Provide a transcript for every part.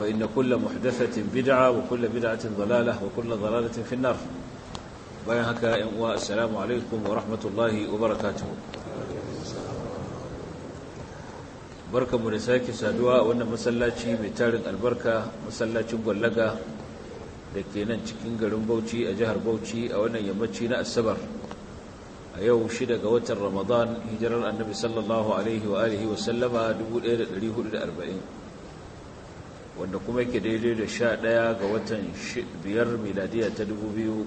فإن كل محدثة بدعة وكل بدعة ضلالة وكل ضلالة في النار بيانك والسلام عليكم ورحمة الله وبركاته بركة منساكي سادوا وأن مسلاتي بتارن البركة مسلاتي مغلقة لكي ننشكين قلن بوتي أجهر بوتي أو أن يمتشينا السبر a yau shida ga watan ramadan hijirar annabi sallallahu alaihi wa alihi wasallama 1440 wanda kuma yake daidai da sha ɗaya ga watan biyar miladiya ta dubu biyu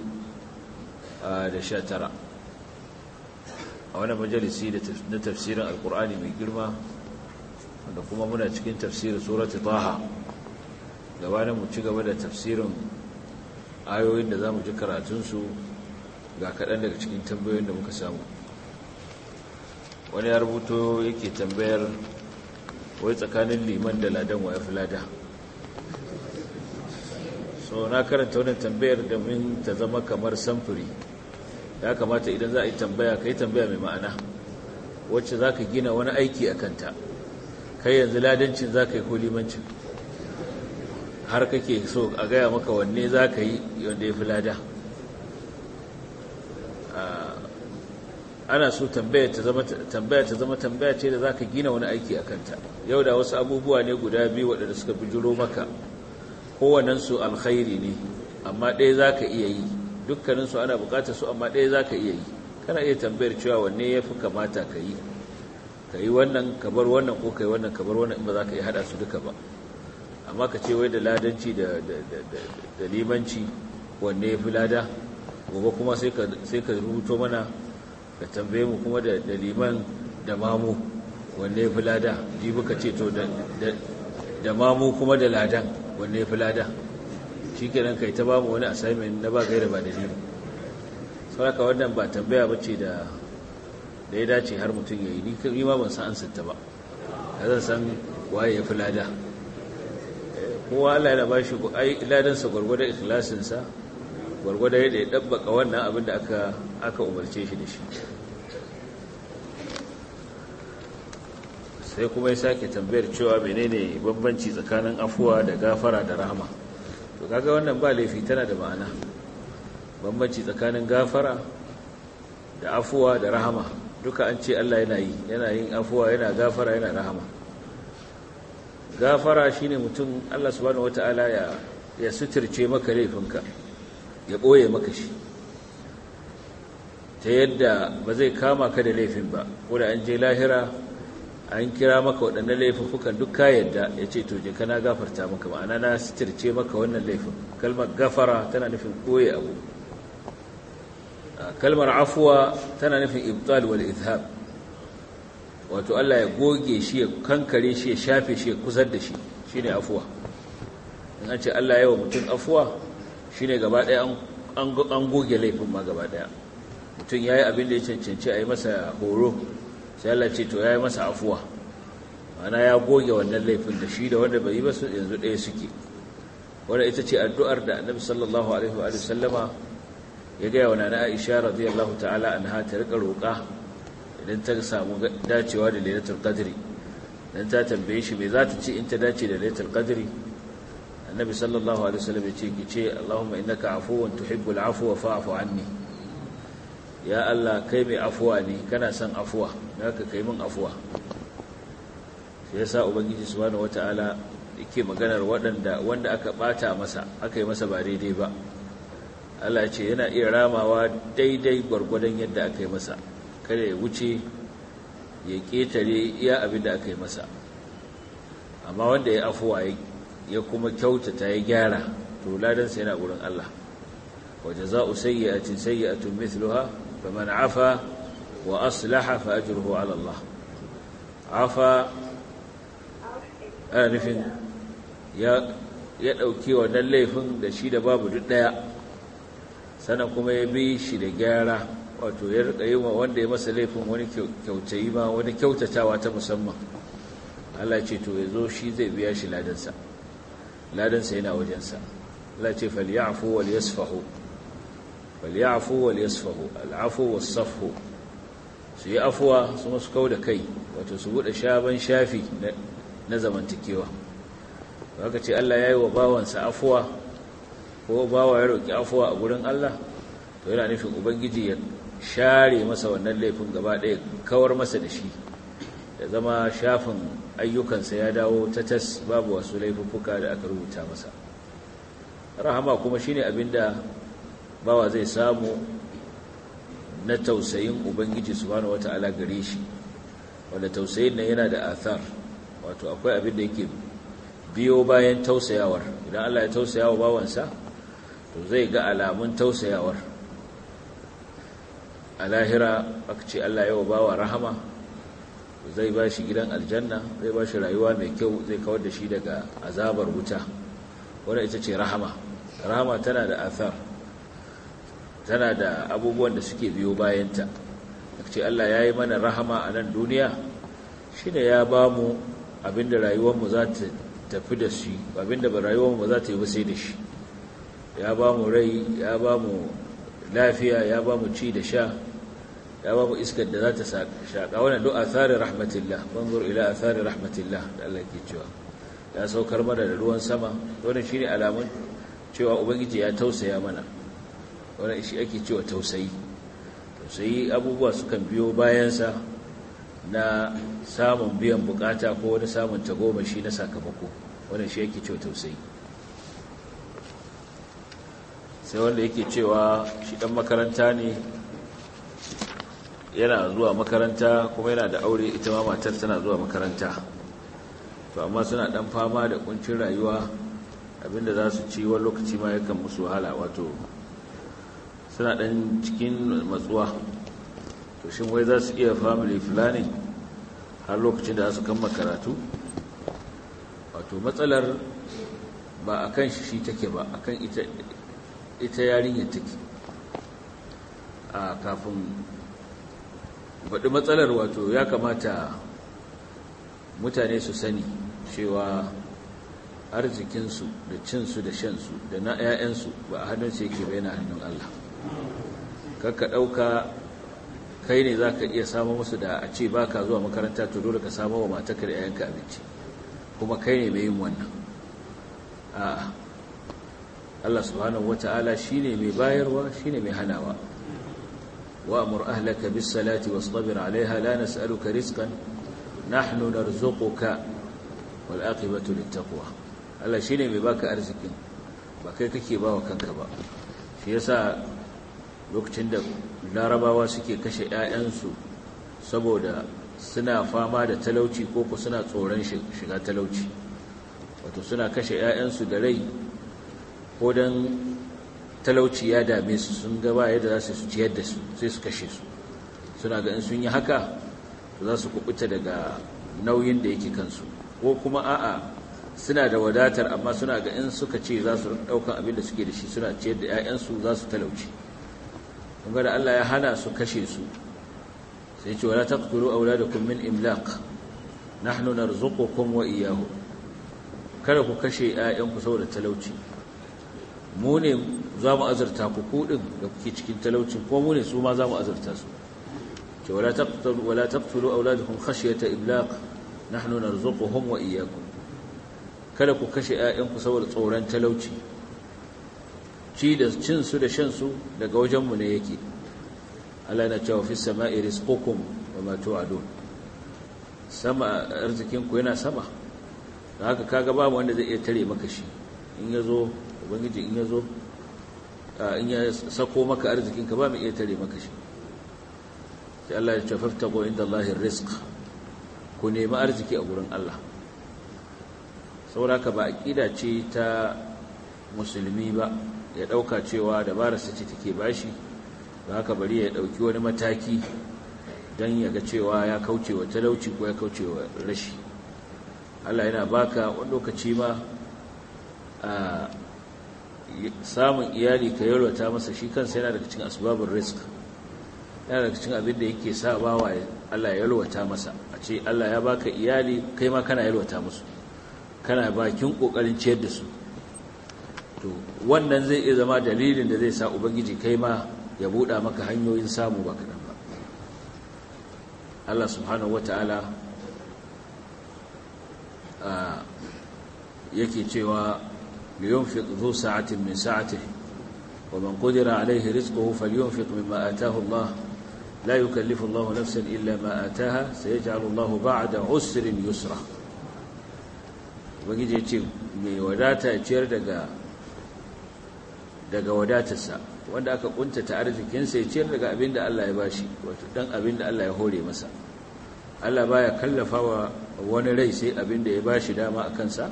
da sha tara a wani majalisi na tafsirin alkur'ani mai girma wanda kuma muna cikin tafsirin suratu taha gabanin mu ci gaba da tafsirin ayoyin da za mu ji karatunsu ga kaɗan daga cikin tambayoyin da muka samu wani ya rubuto yake tambayar wai tsakanin liman da ladan wa ya fi lada so na karanta wani tambayar domin ta zama kamar samfuri ya kamata idan za a yi tambaya ka yi tambaya mai ma'ana wacce za ka gina wani aiki a kanta kai yanzu ladancin za ka yi ko limancin har kake so a gaya maka wanne za ka yi wanda ya fi lada ah, ana so tambaya ta zama tambaya ce da za ka gina wani aiki a kanta yau da wasu abubuwa ne guda biyu waɗanda suka bijiro maka kowanensu alkhairi ne amma ɗaya za ka iya yi dukkaninsu ana bukatar su amma ɗaya za ka iya yi kana iya tambayar cewa wanne ya fi kamata ka yi ka yi wannan ka bar wannan ko ka yi wannan ka bar wannan in ba za ka yi haɗa su duka ba amma ka ce wai da ladanci da limanci wanne ya fi lada gobe kuma sai ka rubuto mana ka tambaye mu kuma da liman da mamu wanne ya fi lada jibi ka ce to da mamu kuma da ladan wanne ya fi lada shi kenan kai ta bamu wani assignment na ba gaira ba dalili sauraka wannan ba tambaya ba ce da da ya dace har mutum ya yi ni ma ban san ansar ta ba ka zan san waye ya fi lada kowa Allah yana ba shi ladansa gwargwada ikilasinsa gwargwada yadda ya dabbaka wannan abin da aka umarce shi da shi sai kuma ya sake tambayar cewa menene bambanci tsakanin afuwa da gafara da rahama to kaga wannan ba laifi tana da ma'ana bambanci tsakanin gafara da afuwa da rahama duka an ce Allah yana yi yana yin afuwa yana gafara yana rahama gafara shine mutum Allah subhanahu wataala ya ya suturce maka laifinka ya ɓoye maka shi ta yadda ba zai kama ka da laifin ba ko da an je lahira an kira maka waɗannan laifuffukan duk ka yadda ya ce to jinka na gafarta maka ma'ana na sitirce maka wannan laifin kalmar gafara tana nufin koye abu kalmar afuwa tana nufin ibtal wal izhab wato Allah ya goge shi ya kankare shi ya shafe shi ya kusar da shi shine afuwa in an ce Allah yawa mutum afuwa shine gaba ɗaya an goge laifin ma gaba ɗaya mutum ya yi abin da ya cancanci a yi masa horo sai Allah ce to yayi masa afuwa ana ya goge wannan laifin da shi da wanda bai yi ba su yanzu ɗaya suke wanda ita ce addu'ar da annabi sallallahu alaihi wa sallama ya gaya wa nana Aisha radiyallahu ta'ala anha ta rika roƙa idan ta samu dacewa da lailatul qadri dan ta tambaye shi me za ta ce in ta dace da lailatul qadri annabi sallallahu alaihi sallam ya ce ki ce Allahumma innaka afuwan tuhibbul afwa fa'fu anni ya Allah kai mai afuwa ne kana son afuwa ka kai min afuwa shi yasa ubangiji subhanahu wataala yake maganar waɗanda wanda aka bata masa aka yi masa ba daidai ba Allah ce yana iya ramawa daidai gwargwadon yadda aka yi masa kada ya wuce ya ketare iya abin da aka yi masa amma wanda ya afuwa ya kuma kyautata ya gyara to ladansa yana wurin Allah wa jaza'u sayyi'atin sayyi'atun mithluha فمن عفا وأصلح فأجره على الله عفا أنا نفن يا ya ɗauki wannan laifin da shi da babu duk ɗaya Sana kuma ya bi shi da gyara wato ya riƙa yi wa wanda ya masa laifin wani kyautayi ma wani kyautatawa ta musamman Allah ce to ya zo shi zai biya shi ladansa ladansa yana wajensa Allah ce fal ya'fu wal yasfahu falyafu wal yasfahu al'afu was safhu su yi afuwa su masu kau da kai wato su buɗe shaban shafi na zamantakewa ka ce Allah ya yi wa bawansa afuwa ko bawa ya roƙi afuwa a gurin Allah to yana nufin ubangiji ya share masa wannan laifin gaba ɗaya kawar masa da shi da zama shafin ayyukansa ya dawo ta tas babu wasu laifuffuka da aka rubuta masa rahama kuma shine abinda bawa zai samu na tausayin ubangiji subhanahu wata'ala gare shi wanda tausayin nan yana da athar wato akwai abin da yake biyo bayan tausayawar idan Allah ya tausaya wa bawansa to zai ga alamun tausayawar a lahira aka ce Allah yawa bawa rahama zai ba shi gidan aljanna zai ba shi rayuwa mai kyau zai kawar da shi daga azabar wuta wadda ita ce rahama rahama tana da athar tana da abubuwan da suke biyo bayanta ce Allah ya yi mana rahama a nan duniya shi ne ya ba mu abinda rayuwarmu za ta tafi da shi abinda ba rayuwarmu za ta yi sai da shi ya ba mu rai ya ba mu lafiya ya ba mu ci da sha ya ba mu iskar da za ta shaƙa wannan duk athari rahmatillah banzur ila athari rahmatillah da Allah ke cewa ya saukar mana da ruwan sama wannan shine alamun cewa ubangiji ya tausaya mana wani shi ake cewa tausayi tausayi abubuwa sukan biyo bayansa na samun biyan bukata ko wani samun shi na sakamako wani shi ake cewa tausayi sai wanda yake cewa shi dan makaranta ne yana zuwa makaranta kuma yana da aure ita ma matar tana zuwa makaranta to amma suna dan fama da kuncin rayuwa abinda za su ci wani lokaci ma yakan musu wahala wato suna ɗan cikin matsuwa to shi wai za su iya family planning har lokacin da su kama karatu wato matsalar ba a kan shi take ba a kan ita yarinyar take a kafin baɗi matsalar wato ya kamata mutane su sani cewa arzikinsu da cinsu da shansu da na 'ya'yansu ba a hannun sai ke bayan hannun Allah kakka ɗauka kai ne za ka iya samun musu da a ce ba ka zuwa makaranta to dole ka samu wa matakar yayanka abinci kuma kai ne mai yin wannan a Allah subhanahu wata'ala shi ne mai bayarwa shi ne mai hanawa wa amur ahlaka bis salati wastabir alaiha la nas'aluka rizqan nahnu narzuquka wal aqibatu lit taqwa Allah shi ne mai baka arzikin ba kai kake ba wa kanka ba shi yasa lokacin da larabawa suke kashe 'ya'yansu saboda suna fama da talauci ko ku suna tsoron shiga talauci wato suna kashe 'ya'yansu da rai ko don talauci ya dame su sun gaba yadda za su ciyar da su sai su kashe su suna ga in sun yi haka za su kubuta daga nauyin da yake kansu ko kuma a'a suna da wadatar amma suna ga in suka ce za su ɗaukan abin da suke da shi suna ciyar da 'ya'yansu za su talauci kuma da Allah ya hana su kashe su sai ce wala taqtulu auladakum min imlaq nahnu narzuqukum wa iyyahum kada ku kashe ƴaƴanku saboda talauci mu ne za mu azurta ku kuɗin da kuke cikin talauci ko mu ne su ma za mu azurta su ce wala taqtulu wala taqtulu auladakum khashyata imlaq nahnu narzuquhum wa iyyakum kada ku kashe ƴaƴanku saboda tsoron talauci ci da cin su da shan su daga wajenmu ne yake Allah na cewa fi sama'i rizqukum wa ma tu'adun sama arzikin ku yana sama haka kaga ba wanda zai iya tare maka shi in yazo ubangiji in yazo in ya sako maka arzikin ka ba mu iya tare maka shi sai Allah ya ce faftago inda Allah rizq ku nemi arziki a gurin Allah saboda ka ba aqida ce ta musulmi ba ya ɗauka cewa dabararsa ce take bashi ba haka bari ya ɗauki wani mataki don ya ga cewa ya kauce wa talauci ko ya kauce wa rashi Allah yana baka wani lokaci ma a samun iyali ka yalwata masa shi kansa yana daga cikin asibabin risk yana daga cikin abin da yake sa bawa Allah ya yalwata masa a ce Allah ya baka iyali kai ma kana yalwata musu kana bakin ƙoƙarin ciyar da su to wannan zai iya zama dalilin da zai sa ubangiji kai ma ya buɗa maka hanyoyin samu ba kaɗan ba Allah subhanahu wa ta'ala yake cewa liyunfiq dhu sa'atin min sa'atihi wa man qadira alayhi rizquhu falyunfiq mimma ataahu Allah la yukallifu Allah nafsan illa ma ataaha sayaj'alu Allah ba'da usrin yusra ubangiji ya ce mai wadata ciyar daga daga wadatarsa wanda aka kuntata arzikinsa ya ciyar daga abin Allah ya bashi wato dan abin Allah ya hore masa Allah baya kallafa wa wani rai sai abinda da ya bashi dama a kansa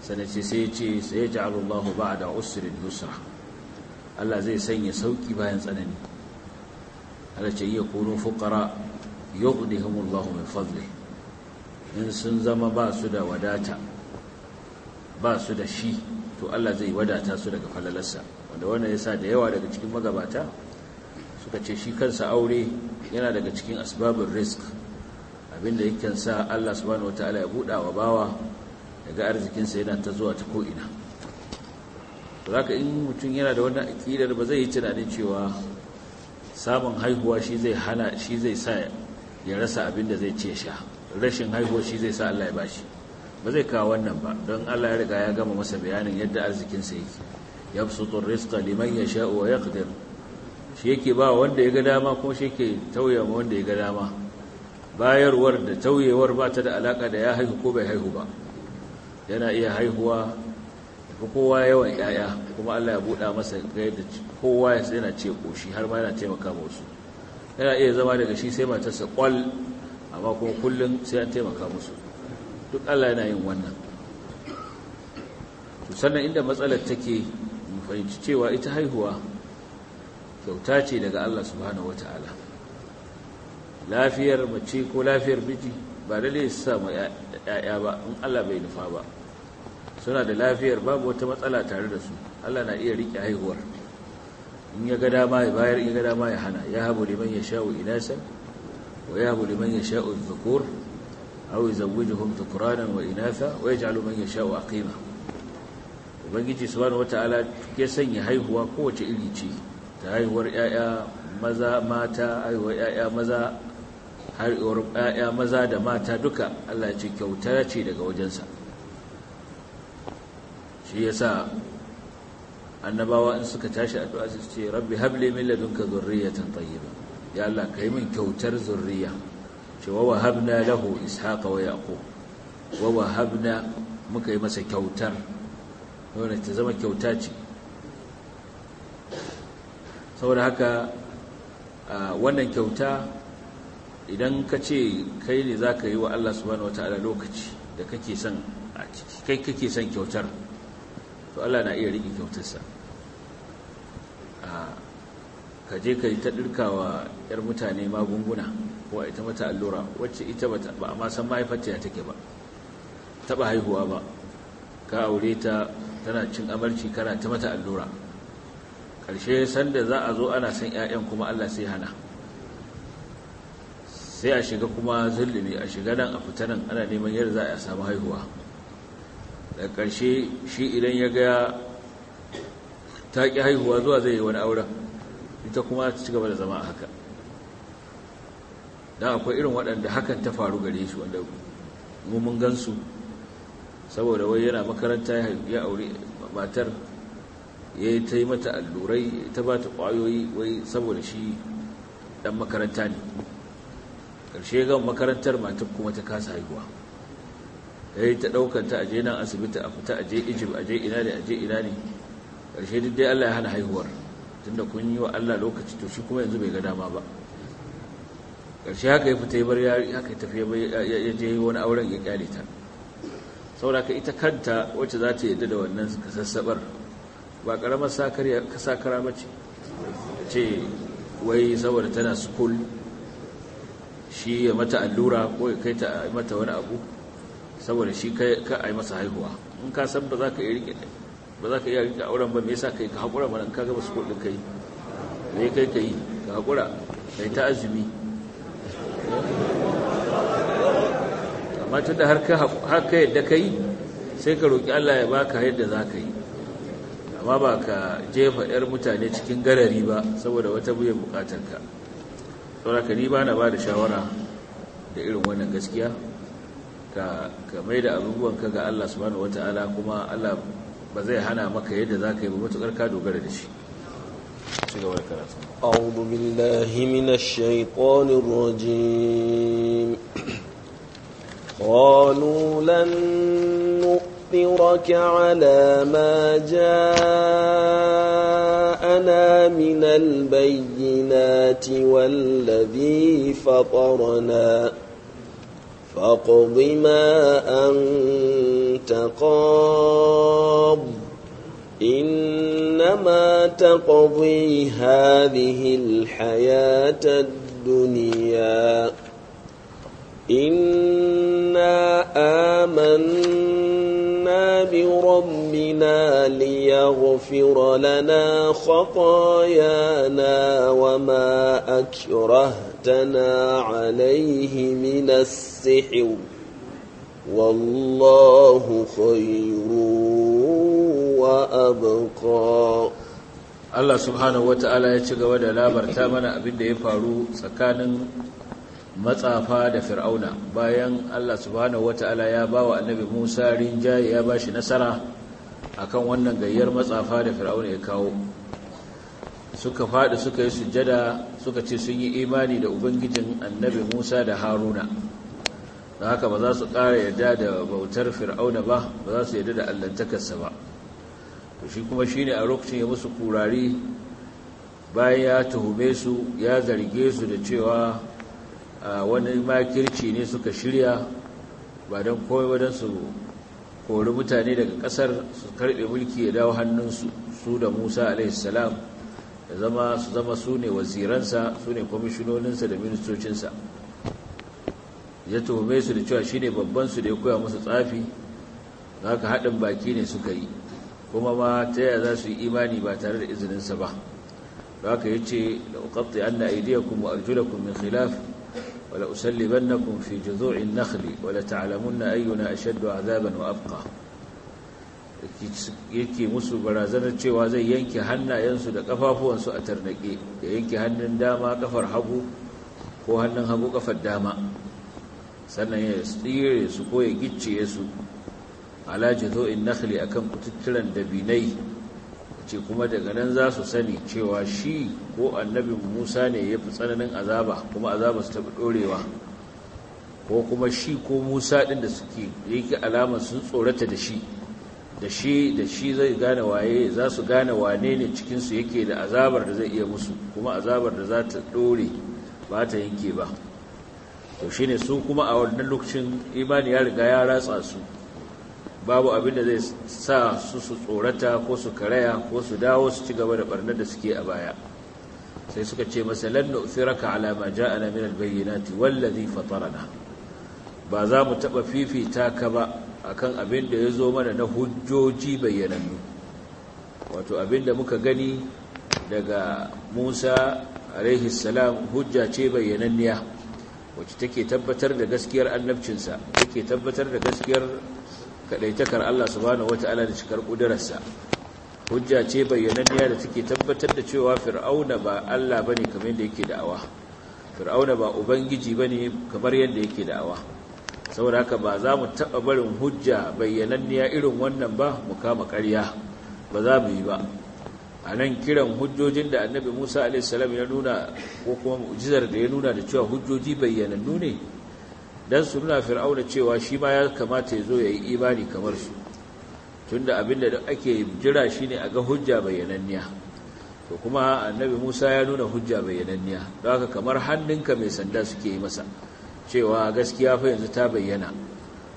sanace sai ya ce sai ya ja'alu Allahu ba'da usrin yusra Allah zai sanya sauki bayan tsanani Allah ce ya kunu fuqara yughdihum Allahu min fadli in sun zama ba su da wadata ba su da shi to Allah zai wadata su daga falalarsa wanda wannan sa da yawa daga cikin magabata suka ce shi kansa aure yana daga cikin asbabin risk abinda yake sa Allah subhanahu wataala ya buɗa wa bawa daga arzikinsa yana ta zuwa ta ko'ina zaka in mutum yana da wannan aƙidar ba zai yi tunanin cewa samun haihuwa shi zai hana shi zai sa ya rasa abinda zai ce sha rashin haihuwa shi zai sa Allah ya bashi ba zai kawo wannan ba don Allah ya riga ya gama masa bayanin yadda arzikinsa yake yabsutu rizqa liman yasha'u wa yaqdir shi yake ba wanda ya ga dama ko shi yake tauyewa wanda ya ga dama bayarwar da tauyewar ba ta da alaka da ya haihu ko bai haihu ba yana iya haihuwa ko kowa yawan yaya kuma Allah ya buɗa masa ga yadda kowa yana ce koshi har ma yana taimaka musu yana iya zama daga shi sai matarsa kwal amma kuma kullum sai an taimaka musu duk Allah yana yin wannan to sannan inda matsalar take mu fahimci cewa ita haihuwa kyauta ce daga Allah subhanahu wataala lafiyar mace ko lafiyar miji ba lai su mu ya'ya ba in Allah bai nufa ba suna da lafiyar babu wata matsala tare da su Allah na iya rike haihuwar in ya ga dama ya bayar in ya ga dama ya hana ya habu liman yasha'u inasan wa ya habu liman yasha'u dhukur aw yuzawwijuhum dhukranan wa inatha wa yaj'alu man yasha'u aqima ubangiji subhanahu wataala ke sanya haihuwa kowace iri ce ta haihuwar yaya maza mata haihuwar yaya maza haihuwar yaya maza da mata duka Allah ya ce kyauta ce daga wajensa shi yasa annabawa in suka tashi addu'a su ce rabbi habli min ladunka dhurriyatan tayyiba ya Allah kai min kyautar zurriya ce wa wahabna lahu ishaqa wa yaqub wa muka yi masa kyautar ta zama kyauta ce saboda haka wannan kyauta idan ka ce kai ne za ka yi wa Allah subhanahu wata'ala lokaci da kake son a ciki kai kake son kyautar to Allah na iya riƙe kyautarsa ka je ka yi ta wa 'yar mutane magunguna ko a ita mata allura wacce ita ba a ma san mahaifarta ya take ba taba haihuwa ba ka aure ta tana cin amarci kana ta mata allura ƙarshe sanda za a zo ana son 'ya'yan kuma allah sai hana sai a shiga kuma zulumi a shiga nan a fita nan ana neman yadda za a samu haihuwa da ƙarshe shi idan ya ga ta ƙi haihuwa zuwa zai yi wani auren ita kuma ta ci gaba da zama a haka da akwai irin waɗanda hakan ta faru gare shi wanda mu mun gansu saboda wai yana makaranta ya aure matar ya yi ta yi mata allurai ta ba ta ƙwayoyi wai saboda shi ɗan makaranta ne ƙarshe gan makarantar matar kuma ta kasa haihuwa ya yi ta ɗaukanta aje nan asibiti a fita aje ijib aje ina ne aje ina ne ƙarshe duk dai allah ya hana haihuwar tunda kun yi wa allah lokaci to shi kuma yanzu bai ga dama ba ƙarshe haka ya fita bar haka ya tafi ya je wani auren ya ƙyale ta sauraka ita kanta wacce za ta yadda da wannan kasassabar ba ƙaramar sakara mace ce wai saboda tana school shi ya mata allura ko ya kai ta mata wani abu saboda shi ka a yi masa haihuwa in ka san ba za ka iya rike ba za ka iya rike auren ba me yasa kai ka haƙura ba ka gaba school ɗin kai ne kai ka yi ka haƙura kai ta azumi amma tun da har ka yadda ka yi sai ka roƙi Allah ya baka yadda za ka yi amma ba ka jefa 'yar mutane cikin garari ba saboda wata buye bukatarka sauraka ni ba na ba da shawara da irin wannan gaskiya ka mai da abubuwanka ga Allah subhanahu wata'ala kuma Allah ba zai hana maka yadda za ka yi ba matuƙar ka dogara da shi أعوذ بالله من الشيطان الرجيم قالوا لن نؤثرك على ما جاءنا من البينات والذي فطرنا فاقض ما أنت قاض إنما تقضي هذه الحياة الدنيا إنا آمنا بربنا ليغفر لنا خطايانا وما أكرهتنا عليه من السحر والله خير وأبقى Allah subhanahu ya ci gaba da labarta mana abin da ya faru tsakanin matsafa da fir'auna bayan Allah subhanahu ya ba wa annabi Musa rinjaye ya ba shi nasara akan wannan gayyar matsafa da fir'auna ya kawo suka faɗi suka yi sujjada suka ce sun yi imani da ubangijin annabi Musa da Haruna da haka ba za su ƙara yarda da bautar fir'auna ba ba za su yarda da allantakarsa ba shi kuma ne a lokacin ya musu kurari bayan ya tuhume su ya zarge su da cewa wani makirci ne suka shirya ba don komai ba su kori mutane daga kasar su karbe mulki ya dawo hannunsu su da musa alaihissalam da zama su zama su ne waziransa su ne kwamishinoninsa da ministocinsa ya tuhume su da cewa shi ne babbansu da ya koya musu tsafi za ka haɗin baki ne suka yi kuma ma ta yaya za su yi imani ba tare da izininsa ba da haka ya ce da uƙaɓta an na kuma wa kuma min khilaf wala ban na kuma fi juzo'in nakhli wala ta'alamunna ayyuna a a zaben wa abqa yake musu barazanar cewa zai yanke hannayensu da kafafuwansu a tarnake ya yanke hannun dama kafar hagu ko hannun hagu kafar dama sannan ya tsire su ko ya gicciye su ala jizo'in nakhli akan kututturan dabinai ce kuma daga nan za su sani cewa shi ko annabin musa ne ya fi tsananin azaba kuma azaba su tafi dorewa. ko kuma shi ko musa ɗin da suke yake alama sun tsorata da shi da shi da shi zai gane waye za su gane wane ne cikinsu yake da azabar da zai iya musu kuma azabar da za ta dore ba ta yanke ba to shi ne su kuma a wannan lokacin imani ya riga ya ratsa su babu abin da zai sa su su tsorata ko su karaya ko su dawo su ci gaba da barnar da suke a baya sai suka ce masalan nu'thiraka ala ma ja'ana min al wallazi fatarana ba za mu taba fifita ka ba akan abin da yazo mana na hujjoji bayyanannu wato abin da muka gani daga Musa alaihi salam hujja ce bayyananniya wacce take tabbatar da gaskiyar annabcinsa take tabbatar da gaskiyar Kaɗaitakar Allah subhanahu wataala da cikar ƙudurarsa. hujja ce bayyananniya da take tabbatar da cewa fir'auna ba Allah bane kamar yadda yake da'awa fir'auna ba ubangiji bane kamar yadda yake da'awa saboda haka ba za mu taba barin hujja bayyananniya irin wannan ba mu kama ƙarya ba za mu yi ba a nan kiran hujjojin da annabi Musa alaihi salam ya nuna ko kuma mu'jizar da ya nuna da cewa hujjoji bayyanannu ne dan su nuna fir'auna cewa shi ma ya kamata ya zo ya yi imani kamar su tunda abin da ake jira shi ne a ga hujja bayyananniya to kuma annabi Musa ya nuna hujja bayyananniya don haka kamar hannunka mai sanda suke yi masa cewa gaskiya fa yanzu ta bayyana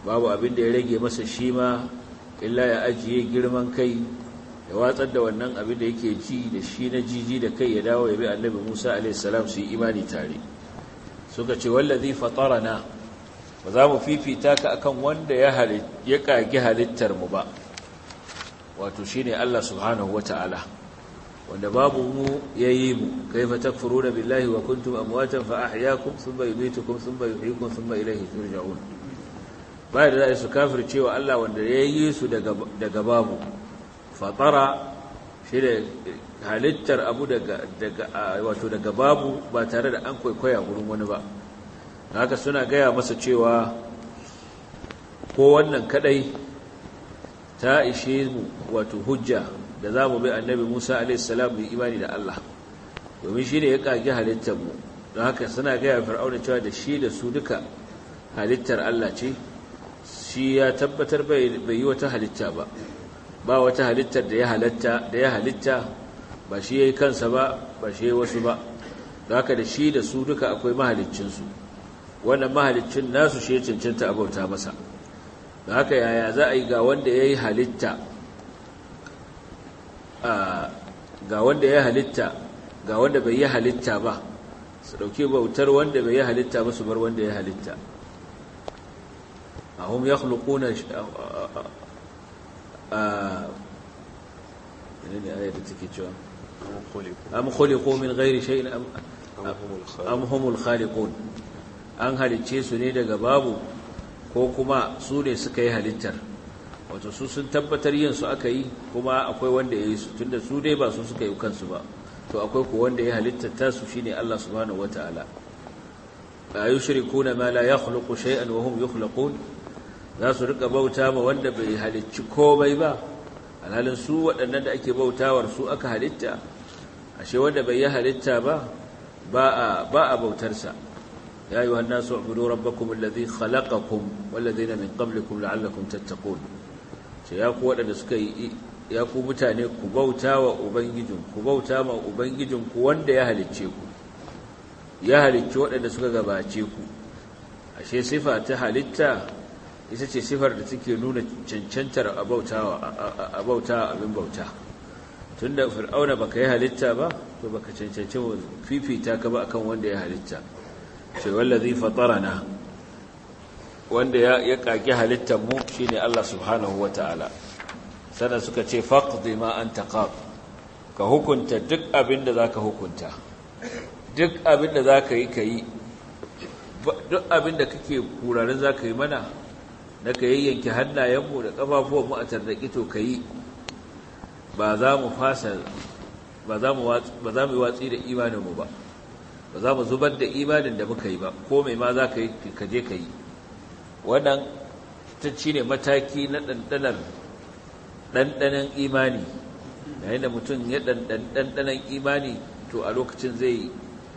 babu abin da ya rage masa shi ma illa ya ajiye girman kai ya watsar da wannan abin da yake ji da shi na jiji da kai ya dawo ya bi annabi Musa alaihi salam su yi imani tare suka ce wallazi fatarana ba za mu fifita ka akan wanda ya kagi halittar mu ba wato shine Allah subhanahu wataala wanda babu mu yayi mu kaifa takfuruna billahi wa kuntum amwatan fa ahyaakum thumma yumitukum thumma yuhyikum thumma ilayhi turja'un bai da zai su cewa Allah wanda yayi su daga daga babu fatara shi halittar abu daga daga wato daga babu ba tare da an kwaikwaya gurin wani ba haka suna gaya masa cewa ko wannan kadai ta ishe mu wato hujja da za mu bi annabi musa a.s. mai imani da allah domin shi ne ya ƙage halittar mu don haka suna gaya fir'auna cewa da shi da su duka halittar allah ce shi ya tabbatar bai yi wata halitta ba ba wata halittar da ya halitta da ba shi ya yi kansa ba ba shi ya yi wasu ba don haka da shi da su duka akwai mahaliccinsu wannan mahalicin nasu shi cincinta abauta masa da haka yaya za a yi ga wanda ya yi halitta ga wanda ya halitta ga wanda bai yi halitta ba su ɗauki bautar wanda bai yi halitta ba su bar wanda ya halitta a hum ya a ne da take cewa am khuliqu min ghairi shay'in am humul khaliqun an halicce su ne daga babu ko kuma su ne suka yi halittar wato su sun tabbatar yin su aka yi kuma akwai wanda ya yi su tunda su dai ba su suka yi kansu ba to akwai ku wanda ya halittar tasu shine Allah subhanahu wataala shiriku na ma la yakhluqu shay'an wa hum yukhlaqun za su rika bauta ma wanda bai halicci komai ba alhalin su waɗannan da ake bautawar su aka halitta ashe wanda bai yi halitta ba ba a bautarsa يا أيها الناس اعبدوا ربكم الذي خلقكم والذين من قبلكم لعلكم تتقون يا قوة نسكي يا قوة متاني كبوتا وأبنججم كبوتا وأبنججم كواند يهل تشيكو يهل تشوات نسكي غبا تشيكو أشي صفة تهلتا ita ce sifar da take nuna cancantar abauta abin bauta tun da fir'auna baka yi halitta ba to baka cancanci fifita ka ba akan wanda ya halitta ce wallazi na. wanda ya kage halittar mu shine Allah subhanahu wataala sannan suka ce faqdi ma an qad ka hukunta duk abinda ka hukunta duk abinda ka yi yi. duk abinda kake kurarin ka yi mana na ka yayyanke hannayen mu da ƙafafuwanmu a tarraki to yi, ba za mu fasa ba za mu yi watsi da imaninmu ba ba za mu zubar da imanin da muka yi ba ko mai ma za ka yi ka je ka yi wannan ta ci ne mataki na ɗanɗanar ɗanɗanan imani yayin da mutum ya ɗanɗanan imani to a lokacin zai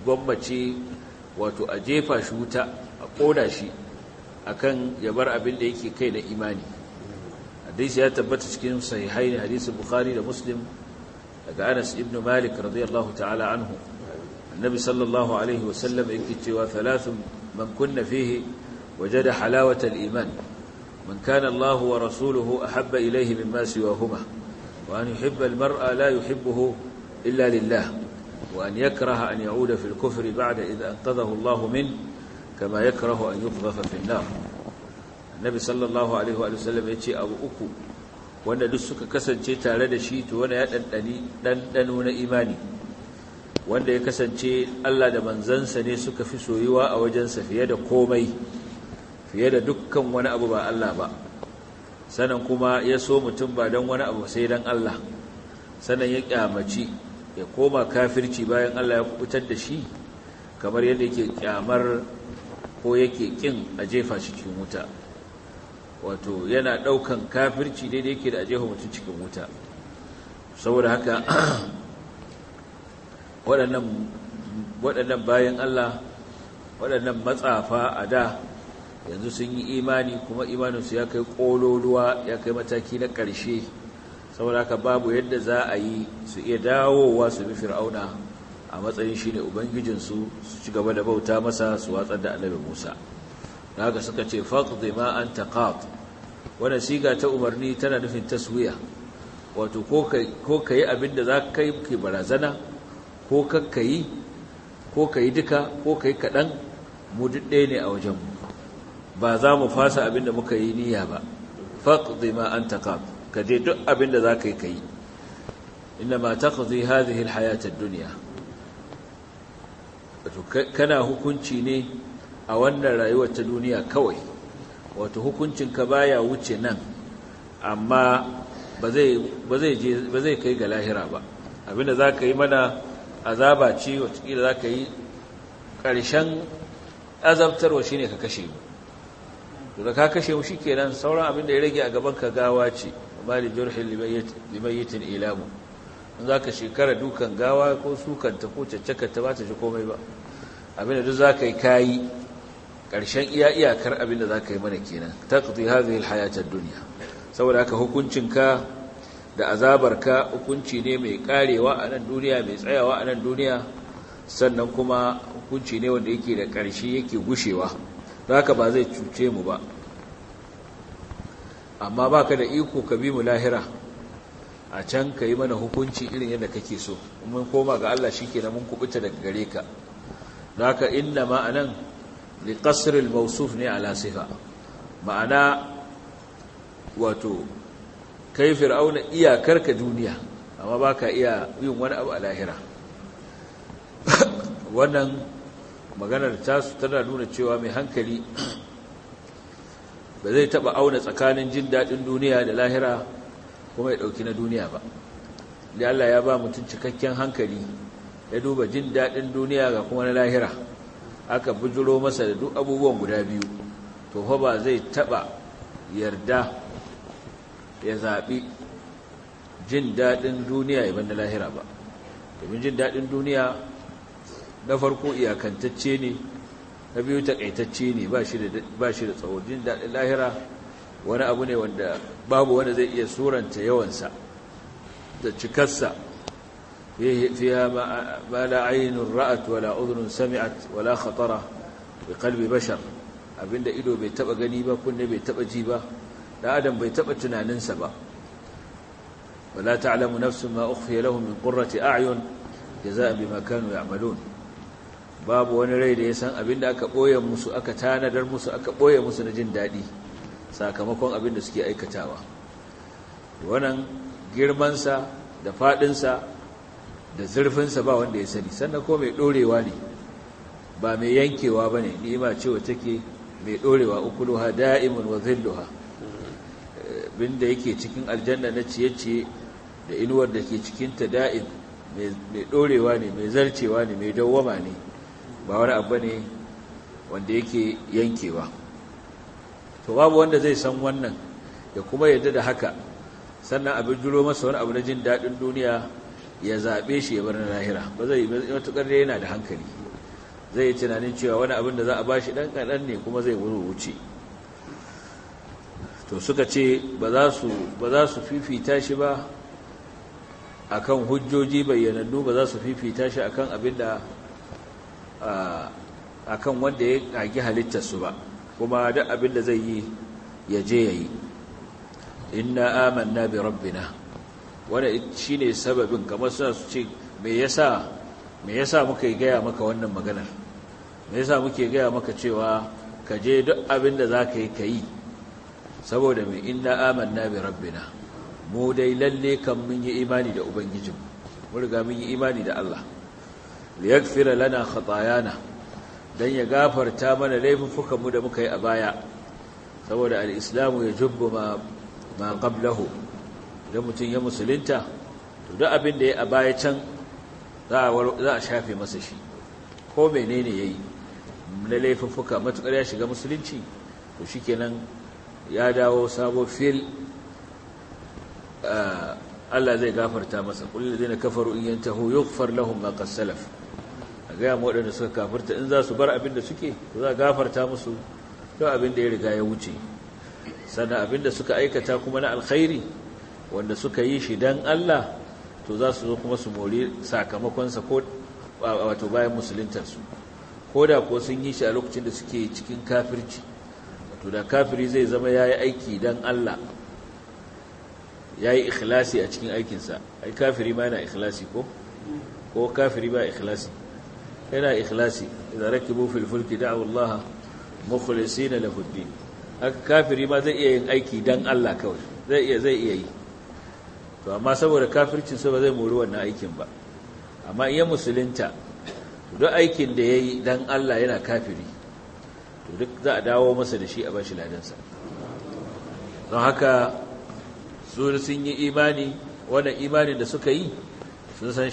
gwammace wato a jefa shi wuta a ƙoda shi akan ya bar abin da yake kai na imani hadisi ya tabbata cikin sahihaini hadisin bukhari da muslim daga anas ibn malik radiyallahu ta'ala anhu النبي صلى الله عليه وسلم كنت ثلاث من كن فيه وجد حلاوة الإيمان من كان الله ورسوله أحب إليه مما سواهما وأن يحب المرأة لا يحبه إلا لله وأن يكره أن يعود في الكفر بعد إذا أنقذه الله منه كما يكره أن يقذف في النار النبي صلى الله عليه وسلم يتي أبو أكو وأن دسك كسن تيتا تارد شيت وأن يدن دنون إيماني wanda ya kasance Allah da manzansa ne suka fi soyuwa a wajensa fiye da komai fiye da dukkan wani abu ba Allah ba sanan kuma ya so mutum ba don wani abu sai don Allah sanan ya kyamaci ya koma kafirci bayan Allah ya kubutar da shi kamar yadda yake kyamar ko yake kin a jefa shi cikin wuta wato yana daukan kafirci daidai yake da a jefa mutum cikin wuta saboda haka waɗannan bayan Allah waɗannan matsafa a da yanzu sun yi imani kuma imaninsu ya kai ƙololuwa ya kai mataki na ƙarshe saboda ka babu yadda za a yi su iya dawowa su bi fir'auna a matsayin shi ne ubangijinsu su ci gaba da bauta masa su watsar da annabi musa da haka suka ce faqdi ma an taƙaf Wani siga ta umarni tana nufin taswiya wato ko ka yi abin da za ka yi barazana ko kakka ko ka duka ko kai kaɗan mu ɗaya ne a wajenmu ba za mu fasa abin da muka yi niyya ba faqdi ma an qab ka je duk abin da ka yi kai ina taqdi hadhihi alhayat ta duniya. wato kana hukunci ne a wannan rayuwar ta duniya kawai wato hukuncin ka baya wuce nan amma ba zai kai ga lahira ba abinda zaka yi mana azaba ce watakila za ka yi ƙarshen azabtarwa shi ne ka kashe mu to da ka kashe mu shi kenan sauran abin da ya rage a gaban ka gawa ce amma da jirhin limayyatin ilamu in za ka shekara dukan gawa ko sukanta ko caccakanta ba ta ji komai ba abin da duk za ka yi kayi ƙarshen iya iyakar abin da za ka yi mana kenan ta ƙutu hazin hayatar duniya saboda haka hukuncinka da azabar ka, hukunci ne mai karewa a nan duniya mai tsayawa a nan duniya sannan kuma hukunci ne wanda yake da ƙarshe yake gushewa ka ba zai cuce mu ba amma ba ka da iko ka bi mu lahira a can ka yi mana hukunci irin yadda kake so mun koma ga Allah shi ke mun kubuta daga gare ka Za ka inda ma'anan liƙasirin mausuf ne a lasifa. ma'ana wato kai fir'auna iyakarka duniya amma ba ka iya yin wani abu a lahira wannan maganar tasu tana nuna cewa mai hankali ba zai taɓa auna tsakanin jin daɗin duniya da lahira kuma ya ɗauki na duniya ba da Allah ya ba mutum cikakken hankali ya duba jin daɗin duniya ga kuma na lahira aka bujiro masa da duk abubuwan guda biyu to fa ba zai taɓa yarda ya zaɓi jin daɗin duniya ya banda lahira ba domin jin daɗin duniya na farko iyakantacce ne na biyu taƙaitacce ne ba shi da tsawo jin daɗin lahira wani abu ne wanda babu wanda zai iya suranta yawansa da cikarsa fiya ma la ainihin ra'at wala uzunin sami'at wala khatara bi kalbi bashar abinda ido bai taba gani ba kunne bai taba ji ba da adam bai taɓa tunaninsa ba wala ta'lamu nafsun ma ukhfiya lahum min qurrati a'yun jazaa'a bima kanu ya'malun babu wani rai da ya san abinda aka boye musu aka tanadar musu aka boye musu na jin dadi sakamakon abin da suke aikatawa wannan girman sa da fadin sa da zurfin sa ba wanda ya sani sannan ko mai dorewa ne ba mai yankewa bane ni ba cewa take mai dorewa ukuluha da'imun wa dhilluha da yake cikin aljanna na ciye-ciye da inuwar da ke cikin ta da'id mai ɗorewa ne mai zarcewa ne mai dawwama ne ba wani abu ne wanda yake yankewa to babu wanda zai san wannan da kuma yadda da haka sannan abin juro masa wani abu na jin daɗin duniya ya zaɓe shi ya bar na lahira ba zai yi matuƙar da yana da hankali zai yi tunanin cewa wani abin da za a ba shi ɗan kaɗan ne kuma zai wuce to suka ce ba za su fifita shi ba akan hujjoji bayyanannu ba za su fifita shi akan abinda kan wanda ya kagi halittarsu ba kuma duk abinda zai yi ya je ya yi inna na bi rabbina wadda shi ne sababin kamar suna su ce me yasa muka gaya maka wannan maganar me yasa muke gaya maka cewa ka je duk abinda za ka yi ka yi saboda mai inna amanna bi rabbina mu dai lalle kan mun yi imani da ubangijinmu mun riga mun yi imani da Allah yaghfira lana khatayana dan ya gafarta mana laifukan mu da muka yi a baya saboda al-islamu yajubbu ma ma qablahu idan mutun ya musulunta to duk abin da ya a baya can za a shafe masa shi ko menene yayi na laifuka matukar ya shiga musulunci to shikenan ya dawo sabo fil ah, Allah zai gafarta masa kullu zai na kafaru in hu yughfar lahum ma salaf a gaya mu suka kafarta in za su bar abin da suke to za gafarta musu to abin da ya riga ya wuce sannan abin da suka aikata kuma na alkhairi wanda suka yi shi dan Allah to za su zo kuma su mori sakamakonsa ko wato bayan musuluntarsu ko da ko sun yi shi a lokacin da suke cikin kafirci to da kafiri zai zama ya yi aiki don Allah ya yi ikhlasi a cikin aikinsa ai kafiri ma yana ikhlasi ko ko kafiri ba ikhlasi yana ikhlasi idan rakibu fil fulki da'u Allah mukhlisina lahu ad-din kafiri ma zai iya yin aiki don Allah kawai zai iya zai iya yi to amma saboda kafircin sa ba zai mori wannan aikin ba amma iya musulunta duk aikin da ya yi don Allah yana kafiri to duk za a dawo masa da shi a bashi ladansa don haka su sun yi imani wannan imanin da suka yi sun san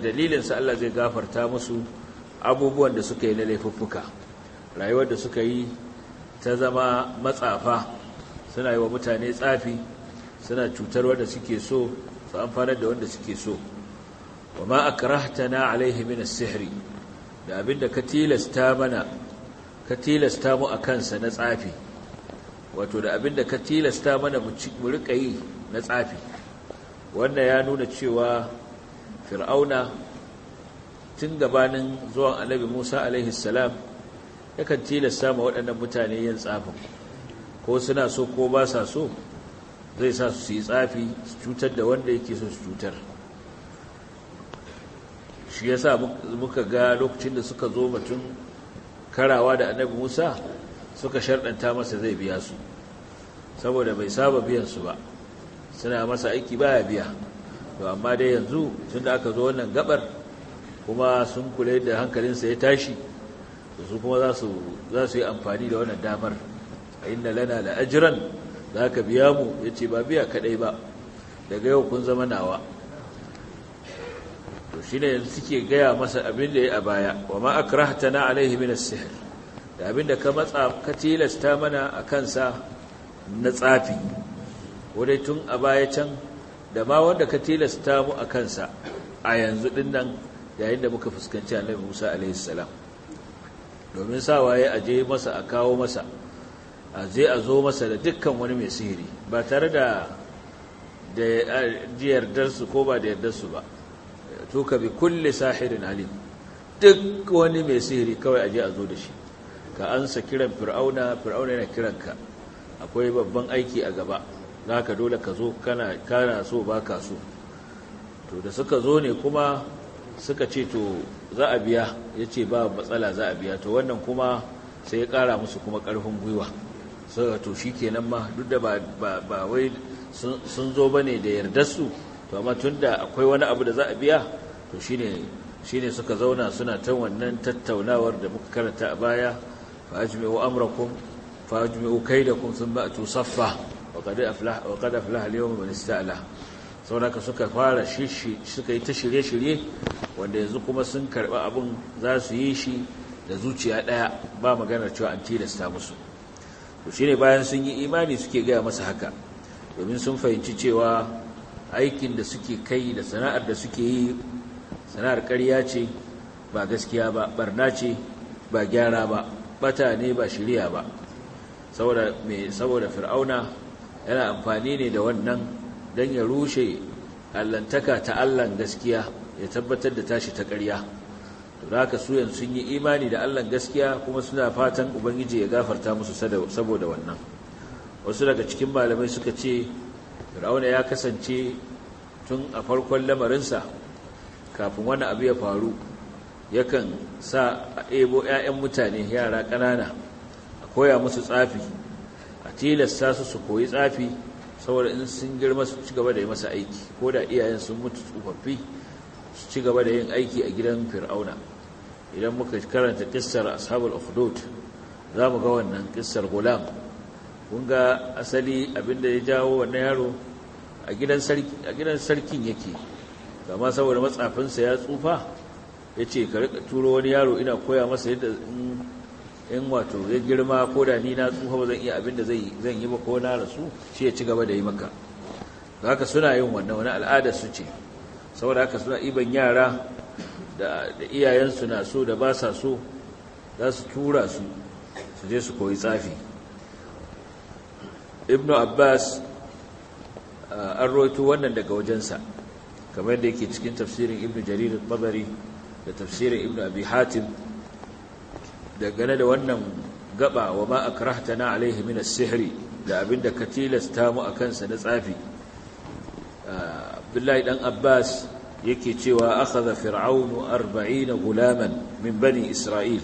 dalilin sa Allah zai gafarta musu abubuwan da suka yi na laifuffuka rayuwar da suka yi ta zama matsafa suna yi wa mutane tsafi suna cutar wanda suke so su amfanar da wanda suke so wa ma akrahtana alaihi min as-sihr da abinda ka tilasta mana ka tilasta mu a kansa na tsafi wato da abinda ka tilasta mana mu rika yi na tsafi wannan ya nuna cewa fir'auna tun gabanin zuwan annabi musa alaihi salam yakan tilasta ma waɗannan mutane yin tsafin ko suna so ko ba sa so zai sa su yi tsafi su cutar da wanda yake so su cutar shi yasa muka ga lokacin da suka zo mutum karawa da annabi musa suka sharɗanta masa zai biya su saboda bai saba biyan su ba suna masa aiki baya biya to amma dai yanzu tun da aka zo wannan gabar kuma sun kula da hankalinsa ya tashi su kuma za su yi amfani da wannan damar a lana da ajiran za ka biya mu ya ce ba biya kaɗai ba daga yau kun zama nawa to shi ne yanzu suke gaya masa abin da ya a baya wa ma na alaihi min sihir da abin da ka matsa ka tilasta mana a kansa na tsafi wadai tun a baya can da ma wanda ka tilasta mu a kansa a yanzu din nan yayin da muka fuskanci annabi Musa alaihi salam domin waye a je masa a kawo masa a je a zo masa da dukkan wani mai sihiri ba tare da da yardarsu ko ba da yardarsu ba ka bi kulle sahirin alim duk wani mai sihiri kawai aje a zo da shi ka ansa kiran fir'auna fir'auna yana kiranka akwai babban aiki a gaba zaka dole ka zo kana kana so baka so to da suka zo ne kuma suka ce to za a biya yace ba matsala za a biya to wannan kuma sai ya kara musu kuma karfin gwiwa sai to kenan ma duk da ba wai sun zo bane da yardar su to amma da akwai wani abu da za a biya to shine shine suka zauna suna ta wannan tattaunawar da muka karanta a baya fa ajmi'u amrakum fa ajmi'u kaidakum thumma atu saffa wa qad aflah wa qad aflah al-yawma man ista'la saboda suka fara shishi suka yi ta shirye-shirye wanda yanzu kuma sun karba abun za su yi shi da zuciya daya ba maganar cewa an tilasta musu to shine bayan sun yi imani suke gaya masa haka domin sun fahimci cewa aikin da suke kai da sana'ar da suke yi sana'ar ƙarya ce ba gaskiya ba barna ce ba gyara ba bata ne ba shirya ba saboda me saboda fir'auna yana amfani ne da wannan don ya rushe allantaka ta allan gaskiya ya tabbatar da tashi ta ƙarya to haka su yanzu sun yi imani da allan gaskiya kuma suna fatan ubangiji ya gafarta musu saboda wannan wasu daga cikin malamai suka ce fir'auna ya kasance tun a farkon lamarinsa kafin wani abu ya faru yakan sa a ɗebo 'ya'yan mutane yara ƙanana a koya musu tsafi a tilasta su su koyi tsafi saboda in sun girma su ci gaba da yi masa aiki ko da iyayen sun mutu tsofaffi su ci gaba da yin aiki a gidan fir'auna idan muka karanta ƙisar ashabul ukhdud za mu ga wannan ƙisar gulam kun ga asali abinda ya jawo wannan yaro a gidan sarkin yake kama saboda matsafinsa ya tsufa ya ce ka rika turo wani yaro ina koya masa yadda in wato ya girma ko da ni na tsufa ba zan iya abinda zan yi ba ko na rasu shi ya ci gaba da yi maka haka suna yin wannan wani al'adar su ce saboda haka suna iban yara da iyayensu na so da ba sa so za su tura su su je su koyi tsafi ibnu abbas uh, an roto wannan daga wajensa kamar da yake cikin tafsirin ibnu jarir al-tabari da tafsirin ibnu abi hatim dangane da wannan gaba wa ma akrahtana alaihi min as-sihri da abinda ka tilasta mu akan sa na tsafi uh, abdullahi dan abbas yake cewa akhadha fir'aunu 40 gulaman min bani isra'il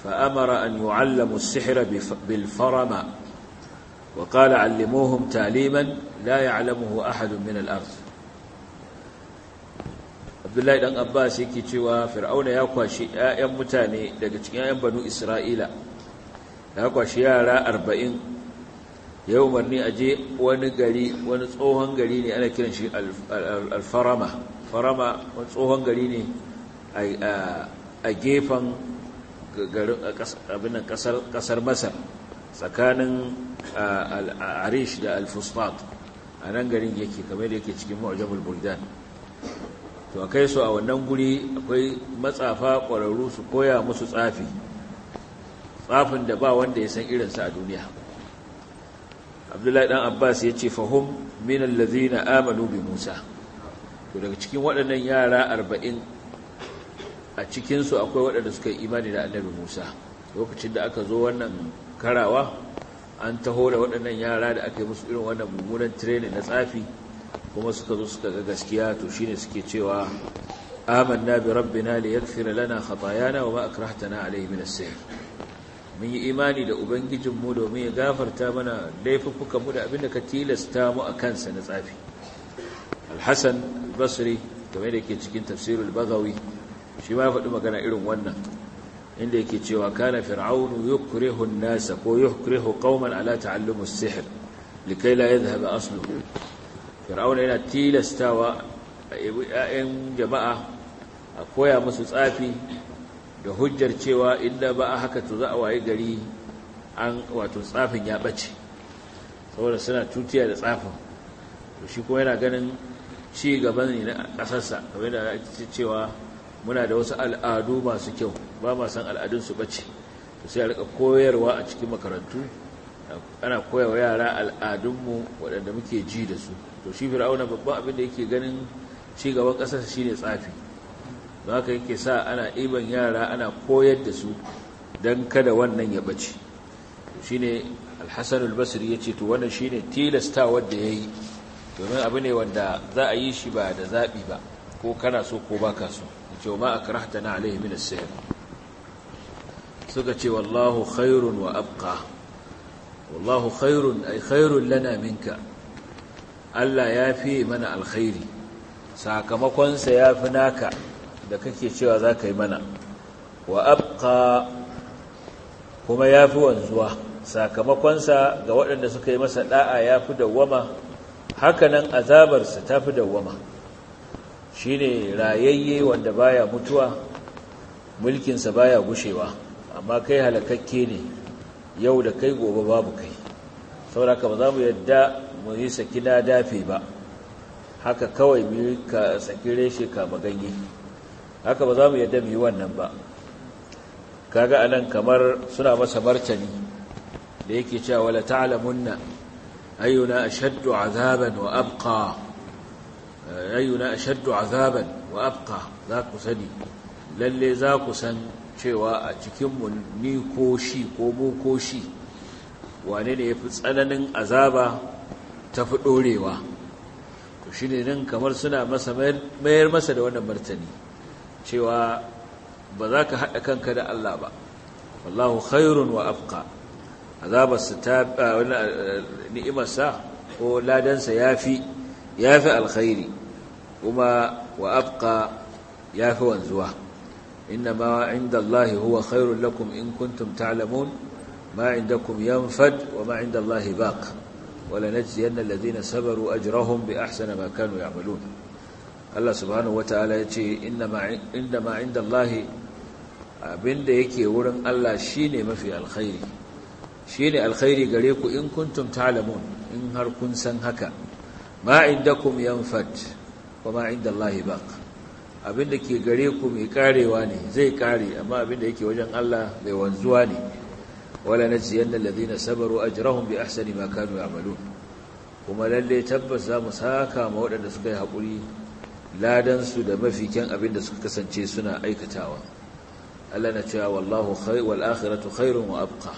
fa amara an yu'allamu as-sihra bil farama wa qala allimuhum taliman la ya'lamuhu ahadun min al-ard Abdullahi dan Abbas yake cewa Fir'auna ya kwashi ƴaƴan mutane daga cikin ƴaƴan Banu Isra'ila ya kwashi yara arba'in ya umarni aje wani wani tsohon gari ne ana kiran shi al-Farama wani tsohon gari ne a gefen garin abin kasar Masar tsakanin Arish da al a nan garin yake kamar yake cikin mu'jamul buldan to akai su a wannan guri akwai matsafa ƙwararru su koya musu tsafi tsafin da ba wanda ya san irinsa a duniya abdullahi dan abbas ya ce fahim min allazina amanu bi musa to daga cikin waɗannan yara arba'in a cikinsu akwai waɗanda suka yi imani da annabi musa lokacin da aka zo wannan karawa an taho da waɗannan yara da aka yi musu irin wannan mummunan training na tsafi kuma suka zo suka ga gaskiya to shine suke cewa amanna bi rabbina li yaghfira lana khatayana wa ma akrahtana alayhi min as-sihr mun yi imani da ubangijinmu domin ya gafarta mana laifuffukanmu da abinda ka tilasta mu a kansa na tsafi alhassan basri game da ke cikin tafsirul bagawi shi ma faɗi magana irin wannan inda yake cewa kana fir'aunu yukrihu an-nasa ko yukrihu qauman ala ta'allum as-sihr likai la yadhhab asluhu fir'auna yana tilastawa ayyan jama'a a koya musu tsafi da hujjar cewa inda ba a haka to za a waye gari an wato tsafin ya bace saboda suna tutiya da tsafin to shi kuma yana ganin ci gaba ne na ƙasarsa kamar da cewa muna da wasu al'adu masu kyau ba ma san al'adun su bace sai a rika koyarwa a cikin makarantu ana koyawa yara al'adunmu waɗanda muke ji da su to shi fir'auna babban abin da yake ganin ci gaban ƙasar shine tsafi don haka yake sa ana ɗiban yara ana koyar da su don kada wannan ya bace to shine alhassan albasri ya ce to wannan shine tilasta wanda ya yi domin abu ne wanda za a yi shi ba da zaɓi ba ko kana so ko baka so ya ce ma a karahta na alaihi min sayar suka ce wallahu khairun wa abqa wallahu khairun ay khairun lana minka Allah ya fi mana alkhairi sakamakonsa ya fi naka da kake cewa za ka yi mana wa abqa kuma ya fi wanzuwa sakamakonsa ga waɗanda suka yi masa ɗa'a ya fi dawwama hakanan azabarsa ta fi dawwama shine rayayye wanda baya mutuwa mulkinsa baya gushewa amma kai halakakke ne yau da kai gobe babu kai sauraka ba za mu yadda mu yi saki na dafe ba haka kawai mu yi ka saki reshe ka maganye haka ba za mu yadda mu yi wannan ba kaga anan kamar suna masa martani da yake cewa wala ta'lamunna ayyuna ashaddu azaban wa abqa eh, ayyuna ashaddu azaban wa abqa za ku sani lalle za ku san cewa a cikinmu ni ko shi ko mu ko shi wane ne ya fi tsananin azaba ta fi ɗorewa to shi ne nan kamar suna mayar masa da wannan martani cewa ba za ka haɗa kanka da Allah ba wallahu khairun wa afqa azabarsa ta ni'imarsa ko ladansa ya fi alkhairi kuma wa afqa ya fi wanzuwa inna ma inda huwa khairul lakum in kuntum ta'lamun sabaru ajrahum bi ahsani yace abinda yake wurin Allah shine mafi alkhairi shine alkhairi gare ku in kuntum ta'lamun in har kun san haka ma indakum yanfad wa ma inda Allah abin da ke gare ku mai karewa ne zai kare amma abin da yake wajen Allah mai wanzuwa ne wala da alladhina sabaru ajrahum bi ahsani ma kanu ya'malun kuma lalle tabbas za mu saka ma waɗanda suka yi haƙuri ladan su da mafikin abin da suka kasance suna aikatawa Allah na cewa wallahu khair wal akhiratu khairun wa abqa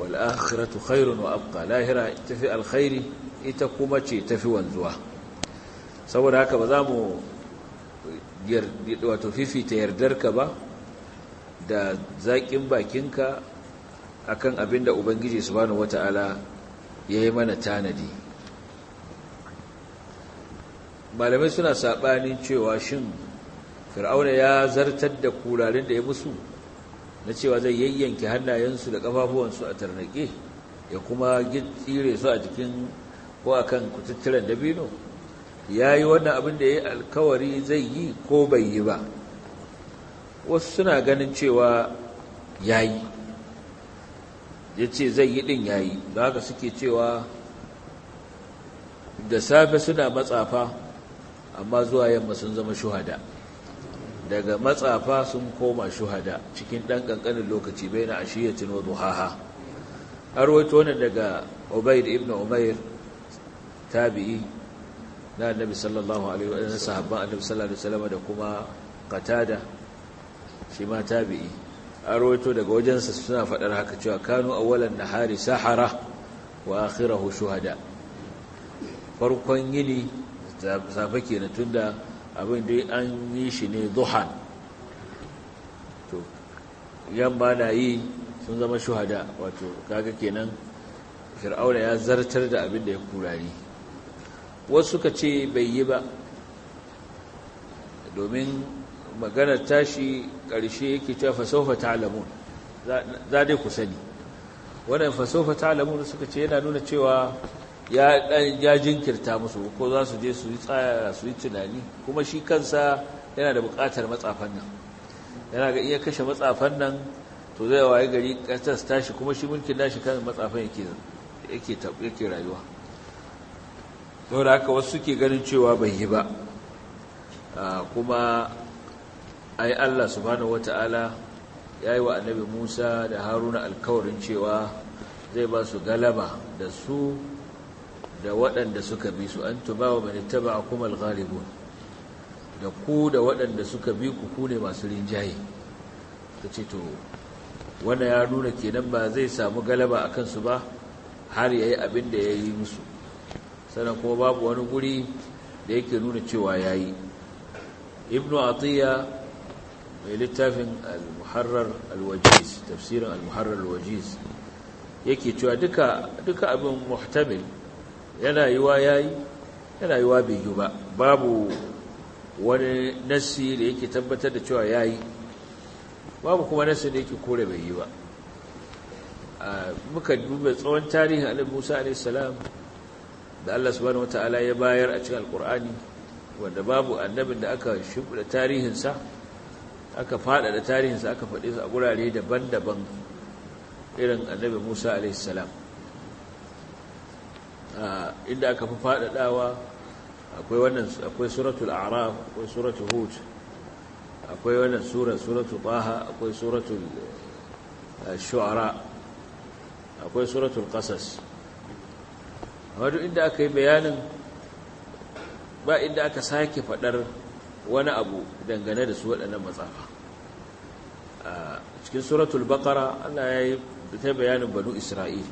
wal akhiratu khairun wa abqa lahira tafi alkhairi ita kuma ce tafi wanzuwa saboda haka ba za mu wato fifita yardarka ba da zaƙin bakinka akan abin da ubangiji su bani wata'ala ya yi mana tanadi malamai suna saɓanin cewa shin fir'auna ya zartar da kurarin da ya musu na cewa zai yayyanki hannayensu da ƙafafuwansu a tarnaƙe ya kuma tsire su a jikin ko a kan kututturan dabino ya yi wannan abin da ya yi alkawari zai yi ko bai yi ba wasu suna ganin cewa ya yi ya ce zai yi ɗin ya yi ba haka suke cewa da safe suna matsafa amma zuwa yamma sun zama shuhada daga matsafa sun koma shuhada cikin ɗan ƙanƙanin lokaci bai na ashiyacin wa haha. har wato wani daga ubaid ibn umair tabi'i na annabi sallallahu alaihi sahabban annabi sallallahu alaihi da kuma qatada shi ma tabi'i a rawaito daga wajensa suna fadar haka cewa kano kanu awwalan nahari sahara wa akhirahu shuhada farkon yini safa kenan tunda abin da an yi shi ne zuhan to yamma na yi sun zama shuhada wato kaga kenan fir'auna ya zartar da abin da ya kurari wasu suka ce bai yi ba domin maganar tashi ƙarshe yake cewa fasofa ta alamun za dai ku sani wannan fasofa ta alamun suka ce yana nuna cewa ya dan ya jinkirta musu ko za su je su yi tsaya su yi tunani kuma shi kansa yana da buƙatar matsafan nan yana ga iya kashe matsafan nan to zai waye gari ƙasar tashi kuma shi mulkin nashi kan matsafan yake rayuwa saboda haka wasu ke ganin cewa bai yi ba ah, kuma ai Allah subhanahu wata'ala ya yi wa annabi Musa da Haruna alkawarin cewa zai ba su galaba da su da waɗanda suka bi su an tuba wa mani taba kuma alghalibu da ku da waɗanda suka bi ku ku ne masu rinjaye ta ce to wanda ya nuna kenan ba zai samu galaba a kansu ba har ya yi abin da ya yi musu sannan kuma babu wani guri da yake nuna cewa ya yi Ibn atiya mai littafin al-muharrar al-wajiz tafsirin al-muharrar al-wajiz yake cewa duka abin muhtamil yana yiwa yi, yana yiwa bai yi ba babu wani nassi da yake tabbatar da cewa yi, babu kuma nassi da yake kore bai yi ba muka duba tsawon tarihin annabi Musa alaihi da Allah subhanahu wataala ya bayar a cikin alkur'ani wanda babu annabin da aka shimfida tarihinsa aka faɗaɗa tarihinsa aka faɗe su a gurare daban-daban irin annabi Musa alaihissalam inda aka fi faɗaɗawa akwai wannan akwai suratul a'raf akwai suratul hut akwai wannan sura suratul taha akwai suratul eh, shu'ara akwai suratul qasas amma duk inda aka yi bayanin ba inda aka sake faɗar wani abu dangane da su waɗannan matsafa a cikin suratul bakara Allah ya yi ta bayanin banu isra'il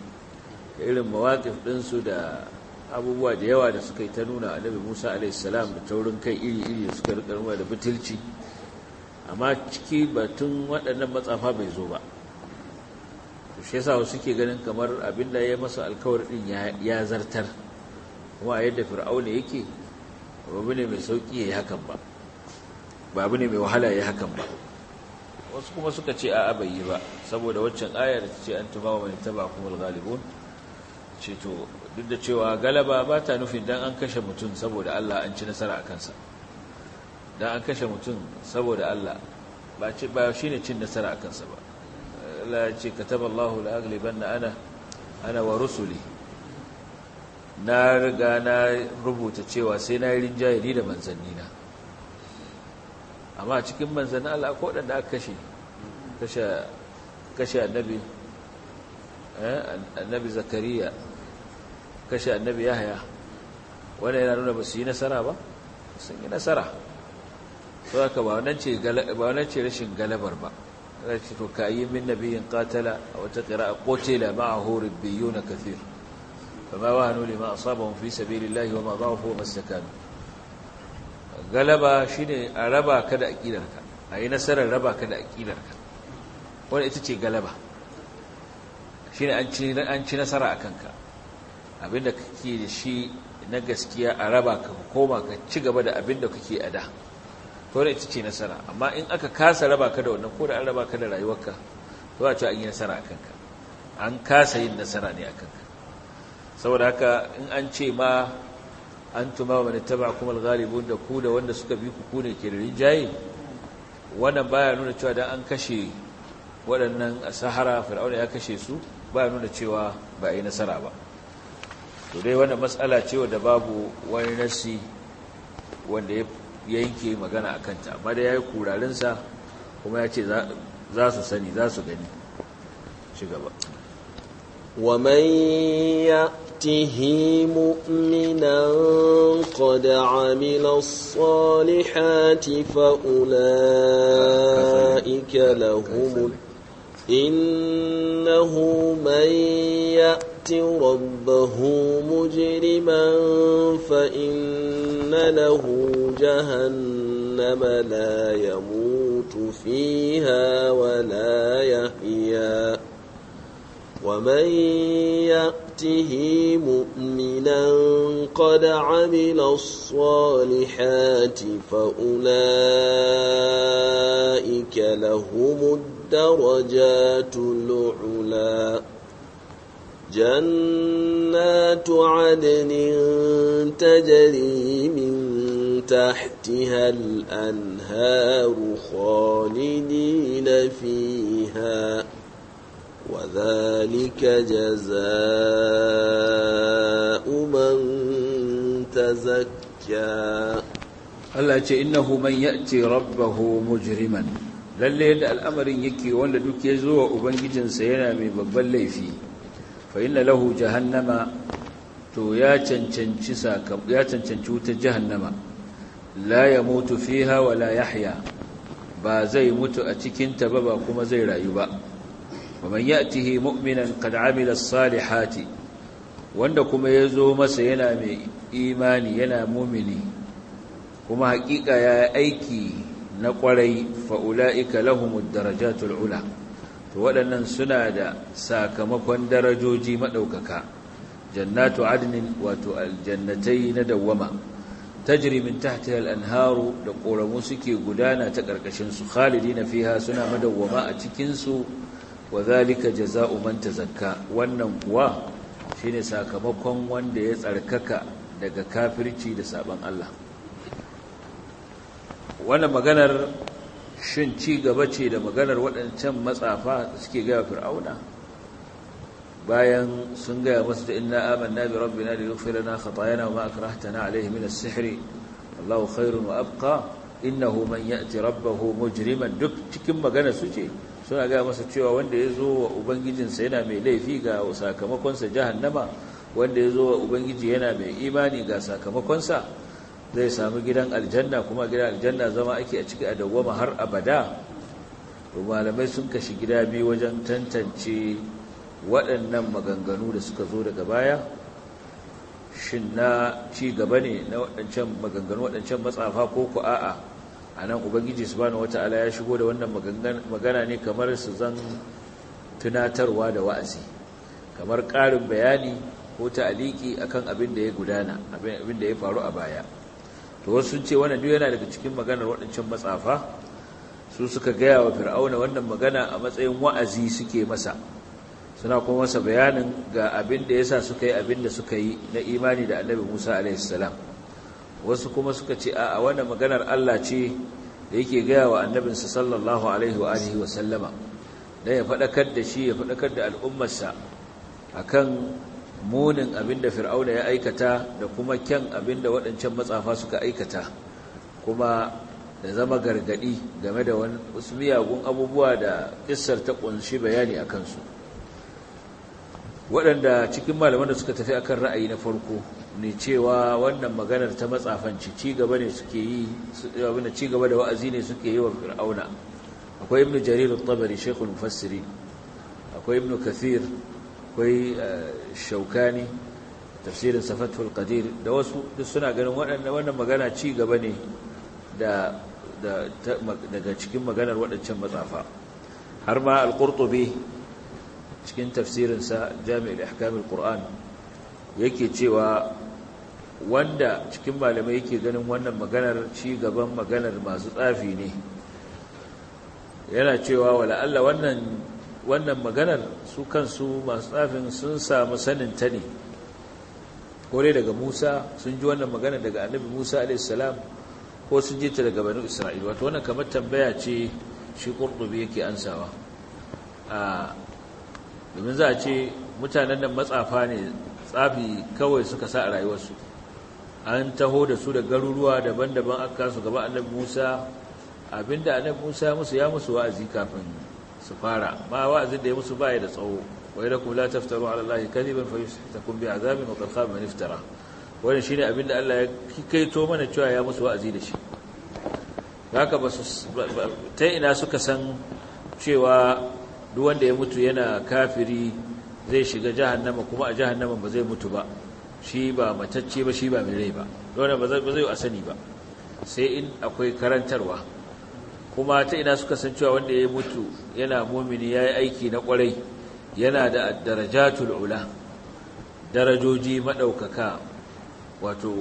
irin mawaƙif ɗinsu da abubuwa da yawa da suka yi ta nuna annabi musa A.S. da taurin kai iri-iri da suka rikarwa nuna da butulci amma ciki batun waɗannan matsafa bai zo ba shi yasa wasu ke ganin kamar abinda ya masa alkawar din ya zartar kuma a yadda fir'auna yake babu ne mai sauki yi hakan ba babu ne mai wahala yi hakan ba wasu kuma suka ce a'a bai yi ba saboda waccan ayar da ce an tuba wa ba kuma galibun ce to duk da cewa galaba ba ta nufin dan an kashe mutum saboda Allah an ci nasara a kansa dan an kashe mutum saboda Allah ba shi ne cin nasara a kansa ba Allah ya ce kataballahu la'aglibanna ana ana wa rusuli na riga na rubuta cewa sai na yi rinjaye da manzannina amma cikin manzannin Allah ko waɗanda aka kashe kashe kashe annabi eh, annabi zakariya kashe annabi yahya wanda yana nuna ba su yi nasara ba sun yi nasara sau haka ba wannan ce rashin galabar ba rashi to yi min nabiyin qatala aw taqra'a qutila ma'ahu rabbiyun kathir fama wahanu lima asabahum fi sabilillahi wama dhafu wama istakanu galaba shine a raba ka da aqidarka ayi nasarar raba ka da aqidarka wannan ita ce galaba shine an ci an ci nasara akan ka abinda da shi na gaskiya a raba ka koma ka ci gaba da abin da kuke a da Ko da ita ce nasara amma in aka kasa raba ka da wannan ko da an raba ka da rayuwarka to a ce an yi nasara a kanka an kasa yin nasara ne a kanka saboda haka in an ce ma an tuma wa taba kuma galibun da ku da wanda suka bi ku ku ne ke da rinjaye wannan baya nuna cewa dan an kashe waɗannan a sahara fir'auna ya kashe su baya nuna cewa ba a yi nasara ba to dai wannan matsala ce wadda babu wani nasi wanda ya yanke magana a kanta amma da ya yi kurarinsa kuma ya ce za su sani za su gani shi gaba wa mai ya tihi mu'minan qad amila salihati fa ulaika lahum innahu man ya يأت ربه مجرما فإن له جهنم لا يموت فيها ولا يحيا ومن يأته مؤمنا قد عمل الصالحات فأولئك لهم الدرجات العلى جنات عدن تجري من تحتها الانهار خالدين فيها وذلك جزاء من تزكى الله انه من ياتي ربه مجرما للي الامر يكي ولا دوك يزوى وبنجي جنسينا من بابا fa lahu jahannama to ya cancanci wuta wutar jahannama la mutu fiha wa la yahya ba zai mutu a cikin ta ba kuma zai rayu ba waman ya'tihi mu'minan qad amila as-salihati wanda kuma yazo masa yana mai imani yana mu'mini kuma hakika ya aiki na kwarai fa ulaika lahumud darajatul ula to waɗannan suna da sakamakon darajoji maɗaukaka jannatu adnin wato aljannatai na dawwama tajri min tahtiha anharu da ƙoramu suke gudana ta ƙarƙashinsu, su khalidina fiha suna madawwama a cikinsu, su wa zalika jazaa'u man tazakka wannan kuwa shine sakamakon wanda ya tsarkaka daga kafirci da sabon Allah wannan maganar shin ci gaba ce da maganar waɗancan matsafa da suke gaya fir'auna bayan sun gaya masu da inna amanna rabbi rabbina da yi lana khatayana yana ma akrahtana alayhi min as-sihr Allahu khairun wa abqa innahu man ya'ti rabbahu mujriman duk cikin magana su ce suna gaya masa cewa wanda ya zo wa ubangijinsa yana mai laifi ga sakamakonsa Nama wanda ya zo wa ubangiji yana mai imani ga sakamakonsa zai sami gidan aljanna kuma gidan aljanna zama ake a ciki a dawwama har abada to malamai sun kashi gida biyu wajen tantance waɗannan maganganu da suka zo daga baya shin na ci gaba ne na waɗancan maganganu waɗancan matsafa ko ku a'a a nan ubangiji su wata ala ya shigo da wannan magana ne kamar su zan tunatarwa da wa'azi kamar ƙarin bayani ko ta aliki akan abin da ya gudana abin da ya faru a baya to wasu sun ce wannan duk yana daga cikin maganar waɗancan matsafa su suka gaya wa fir'auna wannan magana a matsayin wa'azi suke masa suna kuma masa bayanin ga abin da yasa suka yi abin da suka yi na imani da annabi Musa alaihi salam wasu kuma suka ce a wannan maganar Allah ce da yake gaya wa annabinsa sallallahu alaihi wa alihi wa sallama dan ya faɗakar da shi ya faɗakar da al'ummarsa akan munin abinda fir'auna ya aikata da kuma kyan abinda waɗancan matsafa suka aikata kuma da zama gargadi game da wasu miyagun abubuwa da kissar ta ƙunshi bayani a kansu waɗanda cikin malaman da suka tafi akan ra'ayi na farko ne cewa wannan maganar ta matsafanci ci ne suke yi ci da wa'azi ne suke yi wa fir'auna akwai ibnu jarir at-tabari shaykhul mufassirin akwai ibnu kathir akwai eh, shaukani tafsirin safatul qadir da wasu duk suna ganin wannan magana ci gaba ne da daga cikin maganar waɗancan matsafa har ma al-qurtubi cikin tafsirinsa jami'ul ihkamul qur'an yake cewa wanda cikin malamai yake ganin wannan maganar ci gaban maganar masu tsafi ne yana cewa wala Allah wannan wannan maganar su kansu masu tsafin sun samu sanin ta ne kore daga Musa sun ji wannan magana daga Annabi Musa a.s. ko sun ji ta daga Banu Isra'il wato wannan kamar tambaya ce shi Qurtubi yake ansawa a domin za a ce mutanen nan matsafa ne tsafi kawai suka sa a rayuwarsu an taho da su da garuruwa daban-daban aka su gaba Annabi Musa abinda Annabi Musa musu ya musu wa'azi kafin su fara ma wa'azin da ya musu baya da tsawo wa kuma la taftaru ala allahi kadiban fa yusitakum bi azabin wa qad khaba man iftara wannan shine abin da Allah ya kaito mana cewa ya musu wa'azi da shi haka ba su ta ina suka san cewa duk wanda ya mutu yana kafiri zai shiga jahannama kuma a jahannama ba zai mutu ba shi ba matacce ba shi ba mai rai ba dole ba zai a sani ba sai in akwai karantarwa kuma ta ina suka san cewa wanda ya mutu yana mumini ya yi aiki na kwarai yana da darajatul ula darajoji maɗaukaka wato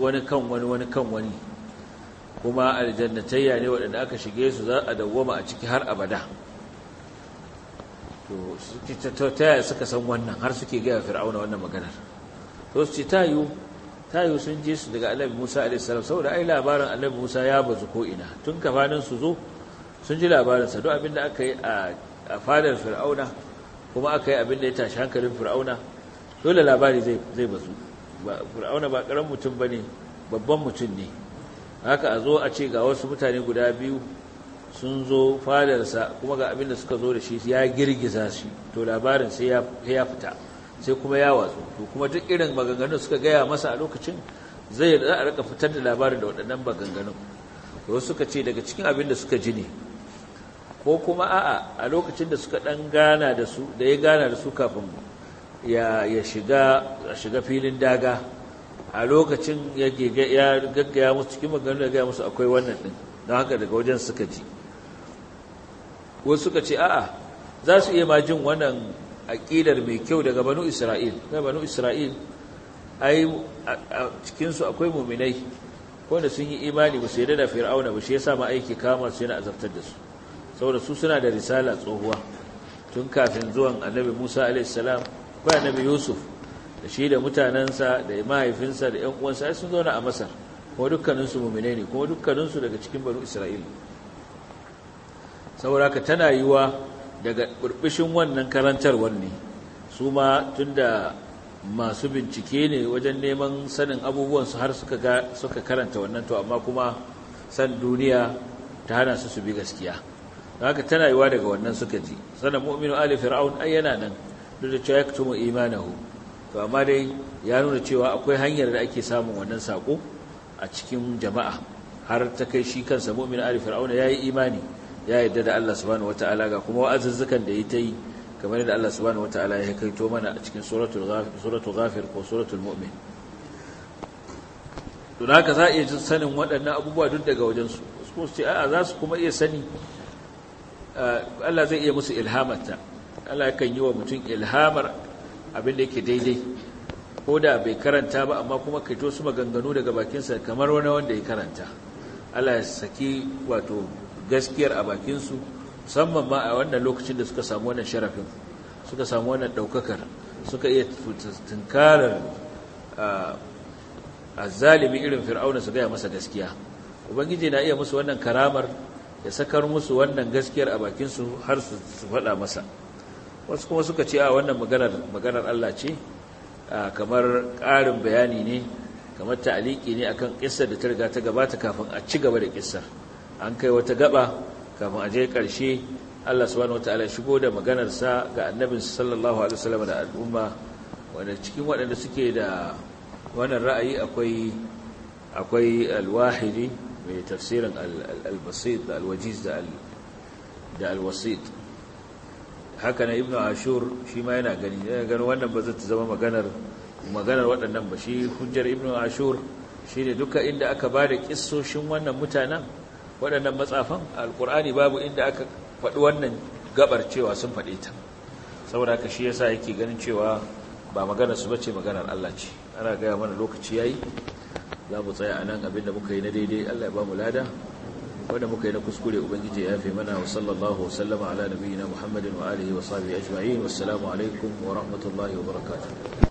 wani kan wani wani kan wani kuma aljannatayya ne waɗanda aka shige su za a dawwama a ciki har abada to ta yaya suka san wannan har suke gaya fir'auna wannan maganar to su ce ta yiwu ta yi sun je su daga annabi musa alaihissalam saboda ai labarin annabi musa ya bazu ko ina tun kafanin su zo sun ji labarinsa duk abin da aka yi a fadar fir'auna kuma aka yi abin da ya tashi hankalin fir'auna dole labari zai bazu fir'auna ba karan mutum ba ne babban mutum ne haka a zo a ce ga wasu mutane guda biyu sun zo fadarsa kuma ga abin da suka zo da shi ya girgiza shi to labarin sai ya fita sai kuma ya watsu to kuma duk irin maganganun suka gaya masa a lokacin zai za a rika fitar da labarin da waɗannan maganganun to suka ce daga cikin abin da suka ji ne ko kuma a'a a lokacin da suka ɗan gana da su da ya gana da su kafin ya shiga shiga filin daga a lokacin ya gaggaya musu cikin maganganun da gaya musu akwai wannan ɗin don haka daga wajen suka ji wasu suka ce a'a za su iya ma jin wannan aqidar mai kyau daga banu isra'il ga banu isra'il ai cikin su akwai mu'minai wanda sun yi imani ba su yarda da fir'auna ba shi yasa ma aiki kama su yana azabtar da su saboda su suna da risala tsohuwa tun kafin zuwan annabi Musa alaihi salam akwai annabi Yusuf da shi da mutanansa da mahaifinsa da ƴan uwansa sun zauna a Masar kuma dukkaninsu mu'minai ne kuma dukkaninsu daga cikin banu Isra'il saboda ka tana yiwa daga ƙurɓishin wannan karantar ne su ma da masu bincike ne wajen neman sanin abubuwan su har suka karanta wannan to amma kuma san duniya ta hana su su bi gaskiya Da haka tana yiwa daga wannan suka ji sanan mu'minu ali fir'aun ai yana nan duk da cewa yaktumu imanahu to amma dai ya nuna cewa akwai hanyar da ake samun wannan sako a cikin jama'a har ta kai shi kansa mu'min ali ya yi imani ya yarda da Allah subhanahu wataala ga kuma wa'azuzzukan da ya ta yi kamar yadda Allah subhanahu wataala ya kaito mana a cikin suratul ghafir suratul ghafir ko suratul mu'min to da haka za a iya jin sanin waɗannan abubuwa duk daga wajen su su ce a'a za su kuma iya sani eh, Allah zai iya musu ilhamarta Allah kan yi wa mutum ilhamar abin da yake daidai ko da bai karanta ba amma kuma kaito su maganganu daga bakinsa kamar wani wanda ya karanta Allah ya saki wato gaskiyar a bakinsu musamman ma a wannan lokacin da suka samu wannan sharafin suka samu wannan ɗaukakar suka iya tunkarar a zalimi irin fir'auna su gaya masa gaskiya ubangiji na iya musu wannan karamar ya sakar musu wannan gaskiyar a bakinsu har su faɗa masa wasu kuma suka ce a wannan maganar Allah ce kamar ƙarin bayani ne kamar ta'aliki ne akan ƙisar da ta riga ta gabata kafin a ci gaba da ƙisar an kai wata gaba kafin a je ƙarshe Allah subhanahu wataala shigo da maganarsa ga annabin sallallahu alaihi wasallam da al'umma wanda cikin waɗanda suke da wannan ra'ayi akwai akwai mai tafsirin al da alwajiz da al haka na ibnu ashur shi ma yana gani yana gani wannan ba zai zama maganar maganar waɗannan ba shi hujjar ibnu ashur ne duka inda aka ba da ƙisoshin wannan mutanen waɗannan matsafan Alƙur'ani babu inda aka faɗi wannan gabar cewa sun faɗi ta saboda haka shi yasa yake ganin cewa ba magana su bace maganar Allah ce ana gaya mana lokaci yayi za mu tsaya a nan abin da muka yi na daidai Allah ya ba mu lada wanda muka yi na kuskure ubangiji ya fi mana wa sallallahu wasallama ala nabiyina muhammadin wa alihi wa sahbihi ajma'in wassalamu alaikum wa rahmatullahi wa barakatuh